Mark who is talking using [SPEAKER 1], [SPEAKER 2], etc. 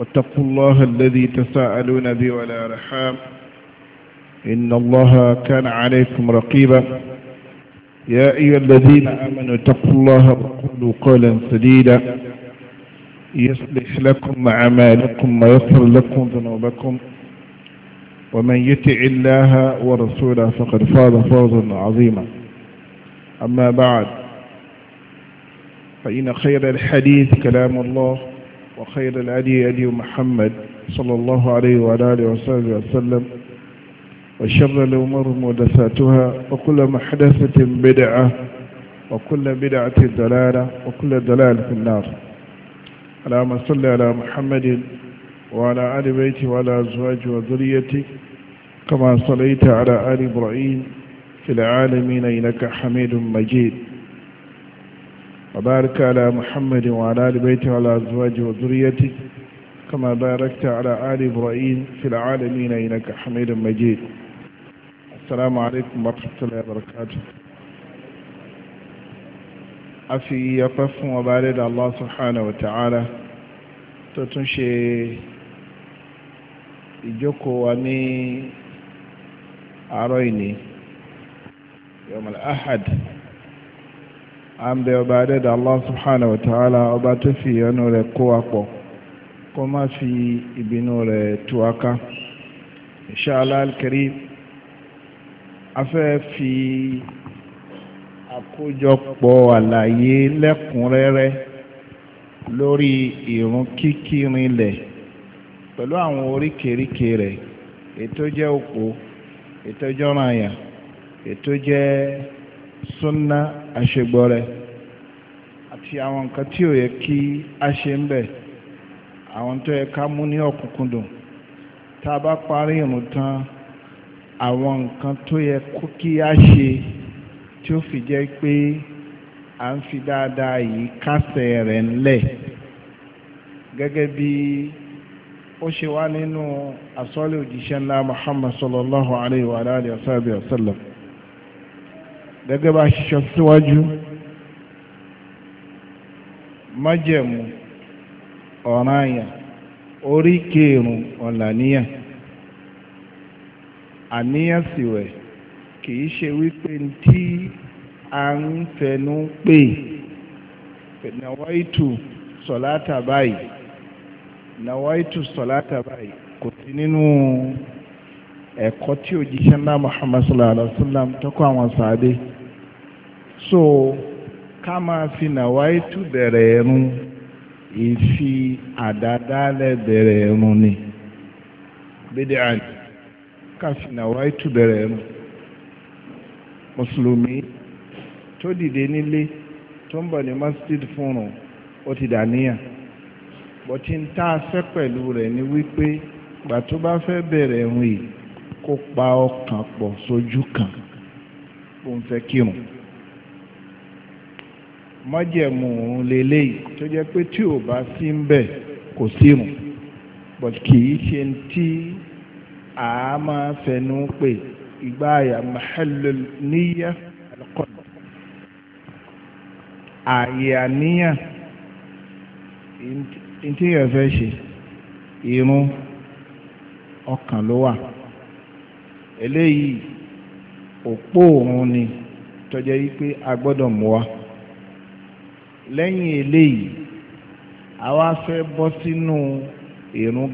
[SPEAKER 1] واتقوا الله الذي تساءلون به ولا رحام إن الله كان عليكم رقيبا يا أيها الذين آمنوا اتقوا الله وقولوا قولا سديدا يصلح لكم أعمالكم ويغفر لكم ذنوبكم ومن يطع الله ورسوله فقد فاز فوزا عظيما أما بعد فإن خير الحديث كلام الله وخير الهدي هدي محمد صلى الله عليه وعلى آله وصحبه وسلم وشر الأمور محدثاتها وكل محدثة بدعة وكل بدعة ضلالة وكل ضلالة في النار اللهم صل على محمد وعلى آل بيته وعلى أزواجه وذريته كما صليت على آل إبراهيم في العالمين إنك حميد مجيد وبارك على محمد وعلى آل بيته وعلى أزواجه وذريته كما باركت على آل إبراهيم في العالمين إنك حميد مجيد السلام عليكم ورحمة الله وبركاته أفي يطف وبارد الله سبحانه وتعالى تتنشي يجوكو وني أريني يوم الأحد àmdẹ ọba adẹ́dà Allah subhanahu wa ta'ala ọba tó fi ìyọnu rẹ̀ kó wa kó má fi ìbínú rẹ̀ tú wa ká inshallah al-karim a fẹ́ fi àkójọpọ̀ àlàyé lẹ́kùnrẹ́rẹ́ lórí ìrun kíkírin lẹ̀ pẹ̀lú àwọn oríkèríkè rẹ̀ ètò jẹ́ òpó ètò jọ́ranyàn ètò jẹ́ súnná a gbore ati awon nkan ti o ye ki a se nbe awon to ye ka mu ni okunkundun ta ba pari irun tan awon to ye ko ki a se ti o fi je pe a n fi daadaa yi kase re nle gege bi o se ninu asole ojise nla muhammad sallallahu alaihi wa alihi wa sallam gẹ́gẹ́ bá ṣiṣọ́ síwájú májẹ̀mú ọ̀ranyàn orí kéèrùn ọ̀làníyàn àníyàn sì wẹ̀ kìí ṣe wípé tí a ń fẹnu pè nàwáìtù sọ̀látà báyìí nàwáìtù sọ̀látà báyìí kò sí nínú ẹ̀kọ́ tí òjíṣẹ́ ńlá Muhammad sallallahu alaihi wa sallam tọ́kọ̀ àwọn sàádé so ká máa fi nàwáìtú bẹ̀rẹ̀ ẹ̀rùn ìfi àdádálẹ̀ bẹ̀rẹ̀ ẹ̀rùn ni bídí àjò ká fi nàwáìtú bẹ̀rẹ̀ ẹ̀rùn mùsùlùmí tó dìde nílé tó ń bọ̀ ní masjid fúnrun ó ti dàníyàn bọ́tí ń tá a fẹ́ pẹ̀lú rẹ̀ ni wípé gbà tó bá fẹ́ bẹ̀rẹ̀ ẹ̀rùn yìí kó pa ọkàn pọ̀ sójú kan bó ń fẹ́ kírun májẹ̀mú lélẹ́yìí tó jẹ́ pé tí ò bá sí ń bẹ̀ kò sírun but kì í ṣe tí a máa fẹnu pé ìgbà àyà mahallu níyà alqalb àyè àníyàn ntí yẹn fẹ́ ṣe irun ọkàn ló wà eléyìí òpó òun ni tó jẹ́ pé a gbọ́dọ̀ mú wa lẹ́yìn eléyìí àwa fẹ́ bọ́ sínú ìrun